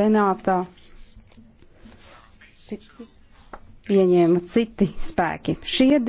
senātā pieņēma citi spēki. Šie